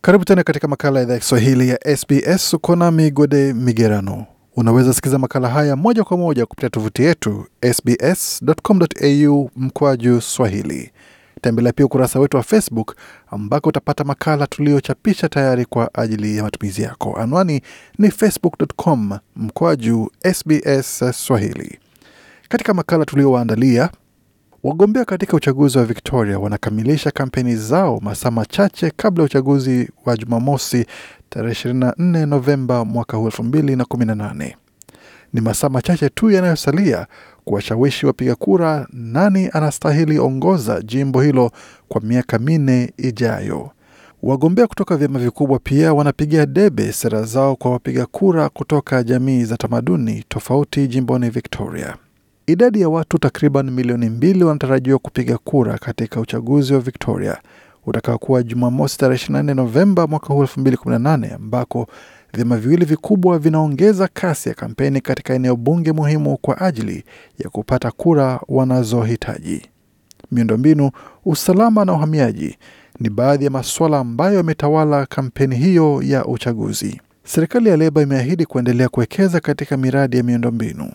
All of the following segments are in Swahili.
Karibu tena katika makala ya idhaa ya Kiswahili ya SBS. Uko nami Gode Migerano. Unaweza sikiliza makala haya moja kwa moja kupitia tovuti yetu sbs.com.au mkwaju swahili. Tembelea pia ukurasa wetu wa Facebook ambako utapata makala tuliochapisha tayari kwa ajili ya matumizi yako. Anwani ni facebook.com mkwaju sbs swahili. Katika makala tuliowaandalia Wagombea katika uchaguzi wa Victoria wanakamilisha kampeni zao masaa machache kabla ya uchaguzi wa Jumamosi tarehe 24 Novemba mwaka 2018. Ni masaa machache tu yanayosalia kuwashawishi wapiga kura nani anastahili ongoza jimbo hilo kwa miaka minne ijayo. Wagombea kutoka vyama vikubwa pia wanapigia debe sera zao kwa wapiga kura kutoka jamii za tamaduni tofauti jimboni Victoria. Idadi ya watu takriban milioni mbili wanatarajiwa kupiga kura katika uchaguzi wa Victoria utakaokuwa Jumamosi tarehe 24 Novemba mwaka huu 2018 ambako vyama viwili vikubwa vinaongeza kasi ya kampeni katika eneo bunge muhimu kwa ajili ya kupata kura wanazohitaji. Miundombinu, usalama na uhamiaji ni baadhi ya masuala ambayo yametawala kampeni hiyo ya uchaguzi. Serikali ya Leba imeahidi kuendelea kuwekeza katika miradi ya miundombinu.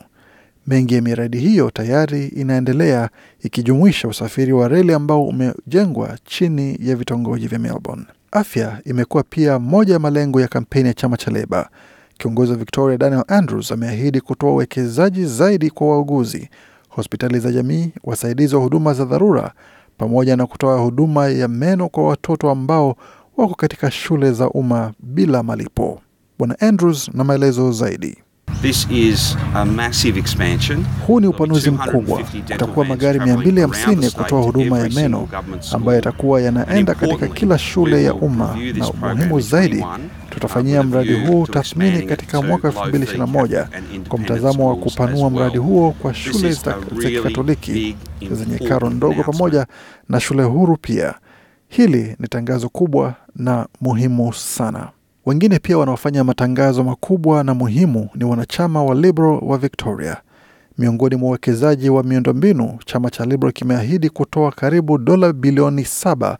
Mengi ya miradi hiyo tayari inaendelea ikijumuisha usafiri wa reli ambao umejengwa chini ya vitongoji vya Melbourne. Afya imekuwa pia moja ya malengo ya kampeni ya chama cha Leba. Kiongozi wa Victoria Daniel Andrews ameahidi kutoa uwekezaji zaidi kwa wauguzi, hospitali za jamii, wasaidizi wa huduma za dharura, pamoja na kutoa huduma ya meno kwa watoto ambao wako katika shule za umma bila malipo. Bwana Andrews na maelezo zaidi. This is a massive expansion. Huu ni upanuzi mkubwa. Kutakuwa magari 250 kutoa huduma ya meno ambayo yatakuwa yanaenda katika kila shule ya umma, na umuhimu zaidi, tutafanyia mradi huu tathmini katika mwaka 2021 kwa mtazamo wa kupanua mradi huo kwa shule za Kikatoliki zenye karo ndogo pamoja na shule huru pia. Hili ni tangazo kubwa na muhimu sana. Wengine pia wanaofanya matangazo makubwa na muhimu ni wanachama wa Liberal wa Victoria. Miongoni mwa uwekezaji wa miundombinu, chama cha Liberal kimeahidi kutoa karibu dola bilioni saba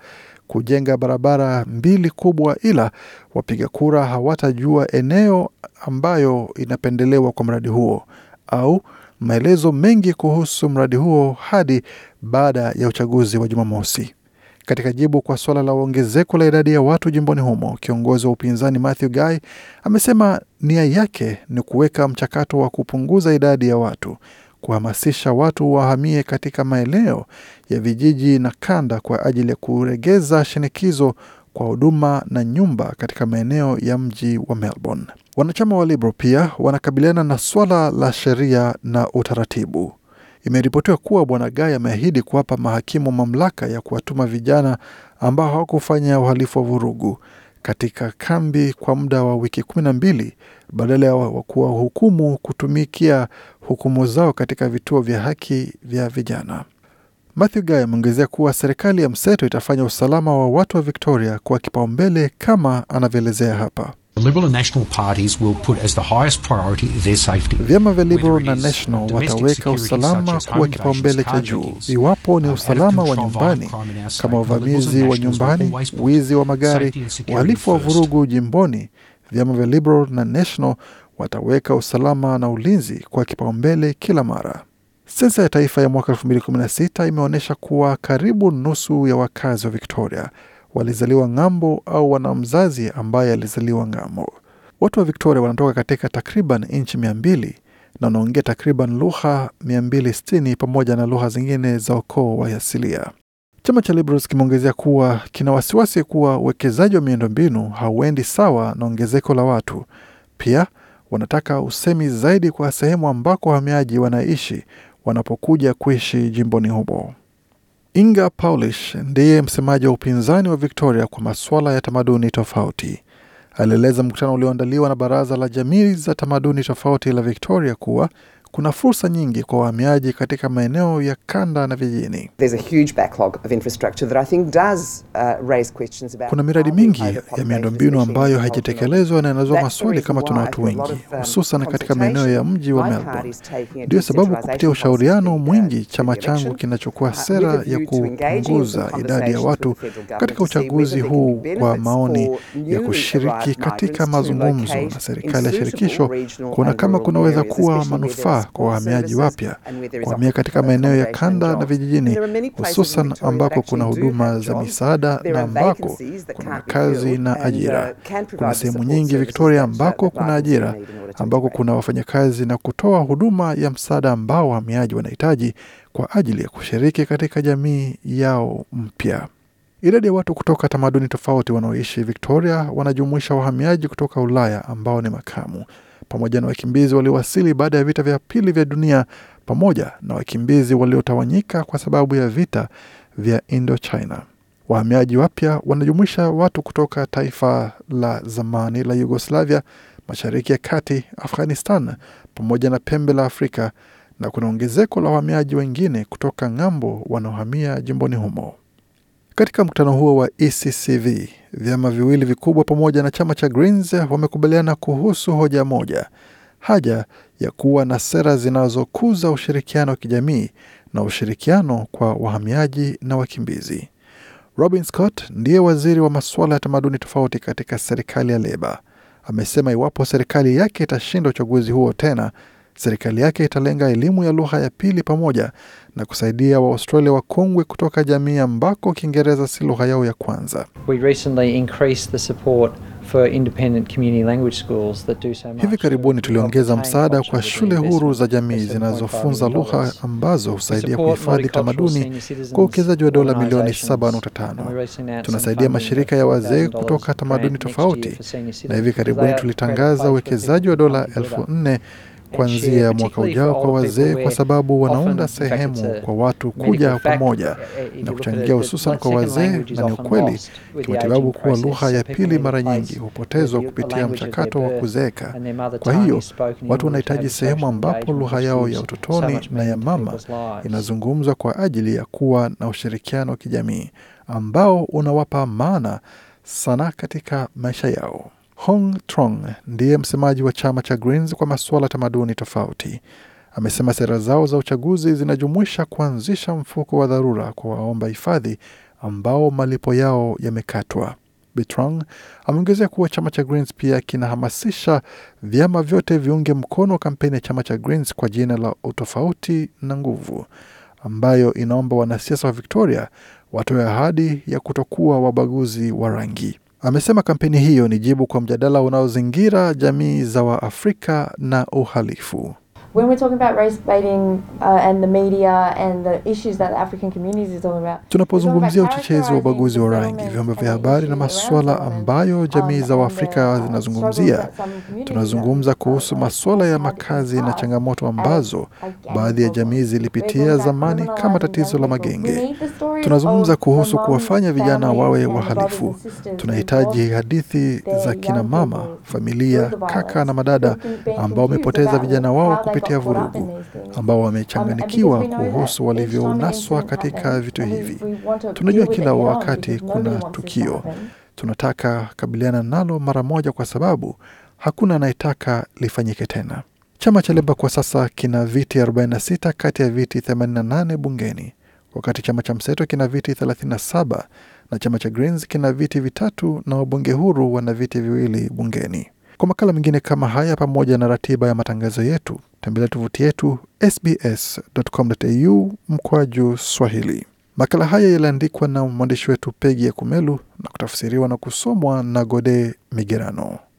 kujenga barabara mbili kubwa, ila wapiga kura hawatajua eneo ambayo inapendelewa kwa mradi huo au maelezo mengi kuhusu mradi huo hadi baada ya uchaguzi wa Jumamosi. Katika jibu kwa suala la ongezeko la idadi ya watu jimboni humo, kiongozi wa upinzani matthew Guy amesema nia yake ni kuweka mchakato wa kupunguza idadi ya watu, kuhamasisha watu wahamie katika maeneo ya vijiji na kanda kwa ajili ya kuregeza shinikizo kwa huduma na nyumba katika maeneo ya mji wa Melbourne. Wanachama wa Liberal pia wanakabiliana na swala la sheria na utaratibu. Imeripotiwa kuwa Bwana Gai ameahidi kuwapa mahakimu mamlaka ya kuwatuma vijana ambao hawakufanya uhalifu wa vurugu katika kambi kwa muda wa wiki kumi na mbili badala ya kuwahukumu kutumikia hukumu zao katika vituo vya haki vya vijana. Mathew Gay ameongezea kuwa serikali ya mseto itafanya usalama wa watu wa Victoria kuwa kipaumbele kama anavyoelezea hapa. Vyama vya Liberal na National wataweka usalama kuwa kipaumbele cha juu, iwapo ni usalama wa nyumbani kama uvamizi wa nyumbani, wizi wa magari, uhalifu wa vurugu jimboni. Vyama vya Liberal na National wataweka usalama na ulinzi kwa kipaumbele kila mara. Sensa ya taifa ya mwaka 2016 imeonyesha kuwa karibu nusu ya wakazi wa Victoria walizaliwa ng'ambo au wana mzazi ambaye alizaliwa ng'ambo. Watu wa Victoria wanatoka katika takriban nchi mia mbili na wanaongea takriban lugha 260 pamoja na lugha zingine za ukoo wa asilia. Chama cha Liberals kimeongezea kuwa kina wasiwasi kuwa uwekezaji wa miundombinu hauendi sawa na ongezeko la watu. Pia wanataka usemi zaidi kwa sehemu ambako wahamiaji wanaishi wanapokuja kuishi jimboni humo. Inga Paulish ndiye msemaji wa upinzani wa Victoria kwa masuala ya tamaduni tofauti. Alieleza mkutano ulioandaliwa na Baraza la Jamii za Tamaduni Tofauti la Victoria kuwa kuna fursa nyingi kwa wahamiaji katika maeneo ya kanda na vijijini. Uh, kuna miradi mingi ya miundombinu ambayo haijatekelezwa na inazua maswali kama tuna watu wengi, um, hususan katika maeneo ya mji wa Melbourne. Ndiyo sababu kupitia ushauriano mwingi, chama changu kinachukua uh, sera ya kupunguza idadi ya watu katika uchaguzi huu kwa maoni ya kushiriki katika mazungumzo na serikali ya shirikisho, kuona kama kunaweza kuwa manufaa kwa wahamiaji wapya kuhamia katika maeneo ya kanda na vijijini, hususan ambako kuna huduma za misaada na ambako kuna kazi na uh, ajira. Kuna sehemu nyingi Victoria ambako kuna ajira, ambako kuna wafanyakazi na kutoa huduma ya msaada ambao wahamiaji wanahitaji kwa ajili ya kushiriki katika jamii yao mpya. Idadi ya watu kutoka tamaduni tofauti wanaoishi Victoria wanajumuisha wahamiaji kutoka Ulaya ambao ni makamu pamoja na wakimbizi waliowasili baada ya vita vya pili vya dunia pamoja na wakimbizi waliotawanyika kwa sababu ya vita vya Indochina. Wahamiaji wapya wanajumuisha watu kutoka taifa la zamani la Yugoslavia, Mashariki ya Kati, Afghanistan pamoja na pembe la Afrika, na kuna ongezeko la wahamiaji wengine kutoka ng'ambo wanaohamia jimboni humo. Katika mkutano huo wa ECCV Vyama viwili vikubwa pamoja na chama cha Greens wamekubaliana kuhusu hoja moja, haja ya kuwa na sera zinazokuza ushirikiano wa kijamii na ushirikiano kwa wahamiaji na wakimbizi. Robin Scott ndiye waziri wa masuala ya tamaduni tofauti katika serikali ya Leba. Amesema iwapo serikali yake itashinda uchaguzi huo tena, Serikali yake italenga elimu ya lugha ya pili pamoja na kusaidia Waaustralia wakongwe kutoka jamii ambako Kiingereza si lugha yao ya kwanza. Hivi karibuni tuliongeza msaada kwa shule huru za jamii zinazofunza lugha ambazo husaidia kuhifadhi tamaduni kwa uwekezaji wa dola milioni 7.5. Tunasaidia mashirika ya wazee kutoka tamaduni tofauti, na hivi karibuni tulitangaza uwekezaji wa dola elfu nne kuanzia mwaka ujao kwa wazee, kwa sababu wanaunda sehemu kwa watu kuja pamoja uh, na kuchangia, hususan kwa wazee. Na ni ukweli kimatibabu kuwa lugha ya pili mara nyingi hupotezwa kupitia mchakato wa kuzeeka. Kwa hiyo watu wanahitaji sehemu ambapo lugha yao ya utotoni na ya mama inazungumzwa kwa ajili ya kuwa na ushirikiano wa kijamii ambao unawapa maana sana katika maisha yao. Hong Trong ndiye msemaji wa chama cha Greens kwa masuala tamaduni tofauti. Amesema sera zao za uchaguzi zinajumuisha kuanzisha mfuko wa dharura kwa waomba hifadhi ambao malipo yao yamekatwa. Bitrong ameongezea kuwa chama cha Greens pia kinahamasisha vyama vyote viunge mkono kampeni ya chama cha Greens kwa jina la utofauti na nguvu, ambayo inaomba wanasiasa wa Victoria watoe ahadi ya kutokuwa wabaguzi wa rangi. Amesema kampeni hiyo ni jibu kwa mjadala unaozingira jamii za Waafrika na uhalifu. Uh, Tunapozungumzia uchochezi wa ubaguzi wa rangi, vyombo vya habari na masuala ambayo um, jamii za Waafrika zinazungumzia, tunazungumza kuhusu masuala ya makazi na changamoto ambazo baadhi ya jamii zilipitia zamani kama tatizo la magenge. Tunazungumza kuhusu kuwafanya vijana wawe wahalifu. Tunahitaji hadithi za kina mama, familia, kaka na madada ambao wamepoteza vijana wao kupitia vurugu, ambao um, wamechanganikiwa kuhusu walivyonaswa katika vitu hivi. Tunajua kila wakati kuna tukio, tunataka kabiliana nalo mara moja, kwa sababu hakuna anayetaka lifanyike tena. Chama cha Leba kwa sasa kina viti 46 kati ya viti 88 bungeni wakati chama cha mseto kina viti 37 na chama cha Greens kina viti vitatu na wabunge huru wana viti viwili bungeni. Kwa makala mengine kama haya pamoja na ratiba ya matangazo yetu, tembelea tovuti yetu sbs.com.au mkwaju Swahili. Makala haya yaliandikwa na mwandishi wetu Pegi ya Kumelu na kutafsiriwa na kusomwa na Gode Migerano.